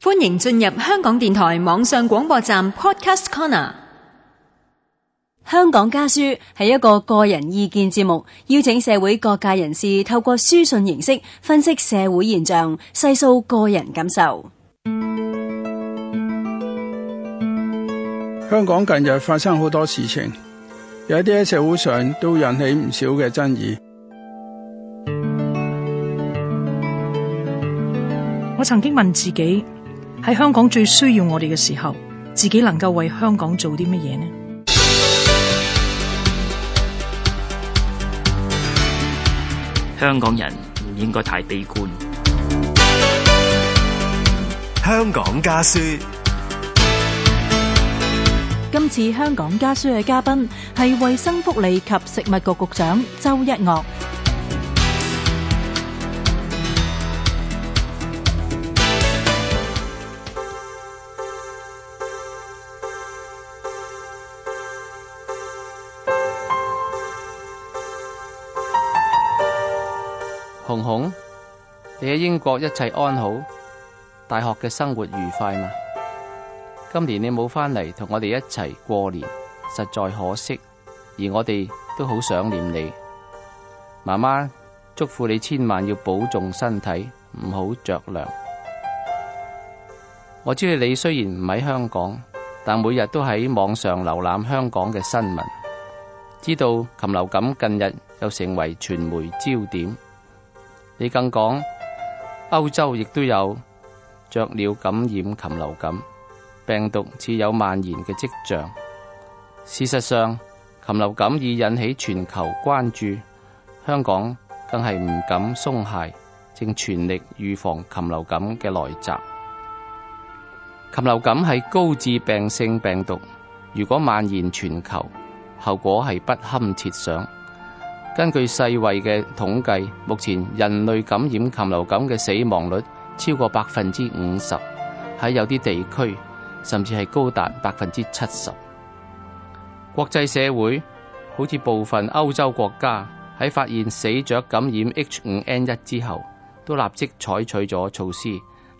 歡迎進入香港電台網上廣播站 Podcast Corner。香港家書係一個個人意見節目，邀請社會各界人士透過書信形式分析社會現象，細數個人感受。香港近日發生好多事情，有一啲喺社會上都引起唔少嘅爭議。我曾經問自己。喺香港最需要我哋嘅時候，自己能夠為香港做啲乜嘢呢？香港人唔應該太悲觀。香港家書，今次香港家書嘅嘉賓係衛生福利及食物局局長周一岳。紅紅，你喺英國一切安好？大學嘅生活愉快嘛？今年你冇返嚟同我哋一齊過年，實在可惜。而我哋都好想念你。媽媽，祝福你千萬要保重身體，唔好着涼。我知道你雖然唔喺香港，但每日都喺網上瀏覽香港嘅新聞，知道禽流感近日又成為傳媒焦點。你更講，歐洲亦都有雀鳥感染禽流感病毒，似有蔓延嘅跡象。事實上，禽流感已引起全球關注，香港更係唔敢鬆懈，正全力預防禽流感嘅來襲。禽流感係高致病性病毒，如果蔓延全球，後果係不堪設想。根據世衛嘅統計，目前人類感染禽流感嘅死亡率超過百分之五十，喺有啲地區甚至係高達百分之七十。國際社會好似部分歐洲國家喺發現死者感染 H 五 N 一之後，都立即採取咗措施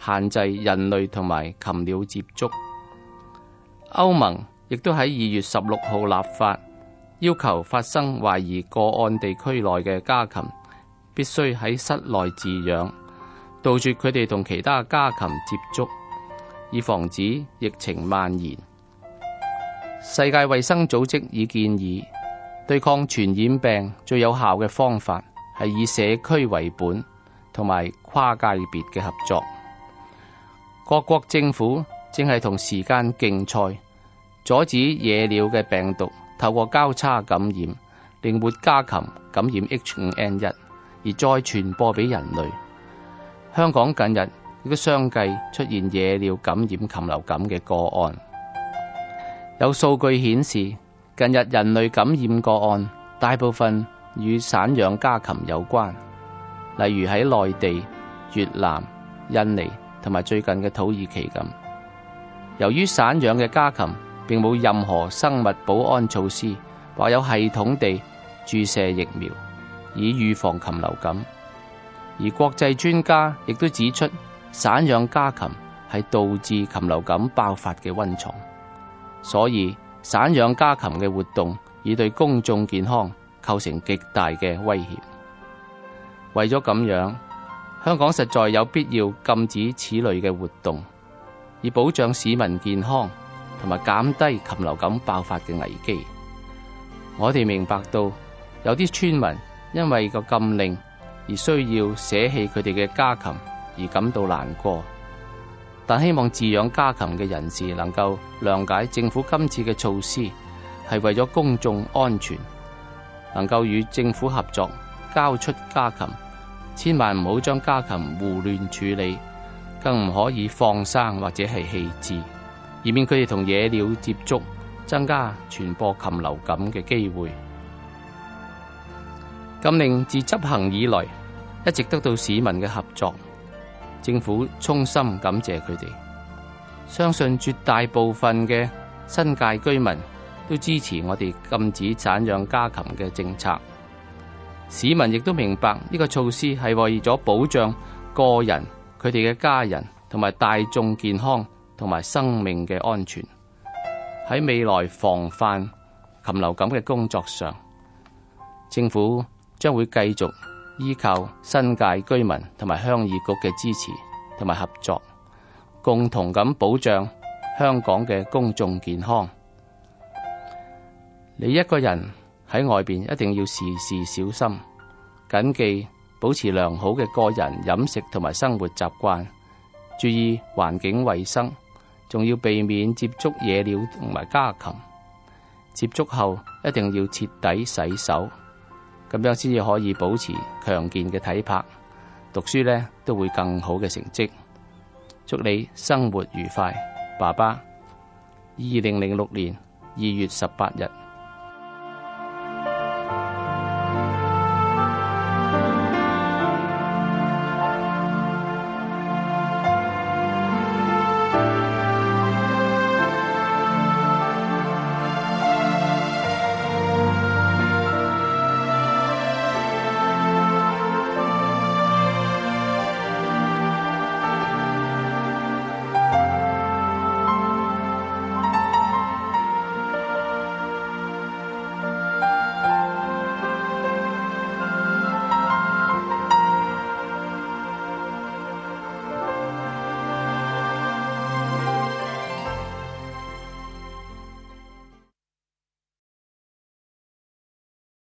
限制人類同埋禽鳥接觸。歐盟亦都喺二月十六號立法。要求發生懷疑個案地區內嘅家禽必須喺室內飼養，杜絕佢哋同其他家禽接觸，以防止疫情蔓延。世界衛生組織已建議對抗傳染病最有效嘅方法係以社區為本，同埋跨界別嘅合作。各國政府正係同時間競賽，阻止野鳥嘅病毒。透過交叉感染，令活家禽感染 H5N1，而再傳播俾人類。香港近日亦都相繼出現野鳥感染禽流感嘅個案。有數據顯示，近日人類感染個案大部分與散養家禽有關，例如喺內地、越南、印尼同埋最近嘅土耳其咁。由於散養嘅家禽並冇任何生物保安措施，或有系統地注射疫苗以預防禽流感。而國際專家亦都指出，散養家禽係導致禽流感爆發嘅溫床，所以散養家禽嘅活動已對公眾健康構成極大嘅威脅。為咗咁樣，香港實在有必要禁止此類嘅活動，以保障市民健康。同埋減低禽流感爆發嘅危機，我哋明白到有啲村民因為個禁令而需要捨棄佢哋嘅家禽而感到難過，但希望飼養家禽嘅人士能夠諒解政府今次嘅措施係為咗公眾安全，能夠與政府合作交出家禽，千萬唔好將家禽胡亂處理，更唔可以放生或者係棄置。以免佢哋同野鳥接觸，增加傳播禽流感嘅機會。禁令自執行以來，一直得到市民嘅合作，政府衷心感謝佢哋。相信絕大部分嘅新界居民都支持我哋禁止散養家禽嘅政策。市民亦都明白，呢個措施係為咗保障個人、佢哋嘅家人同埋大眾健康。同埋生命嘅安全，喺未來防範禽流感嘅工作上，政府將會繼續依靠新界居民同埋鄉議局嘅支持同埋合作，共同咁保障香港嘅公眾健康。你一個人喺外面，一定要時時小心，謹記保持良好嘅個人飲食同埋生活習慣，注意環境衛生。仲要避免接觸野鳥同埋家禽，接觸後一定要徹底洗手，咁樣先至可以保持強健嘅體魄。讀書呢都會更好嘅成績。祝你生活愉快，爸爸。二零零六年二月十八日。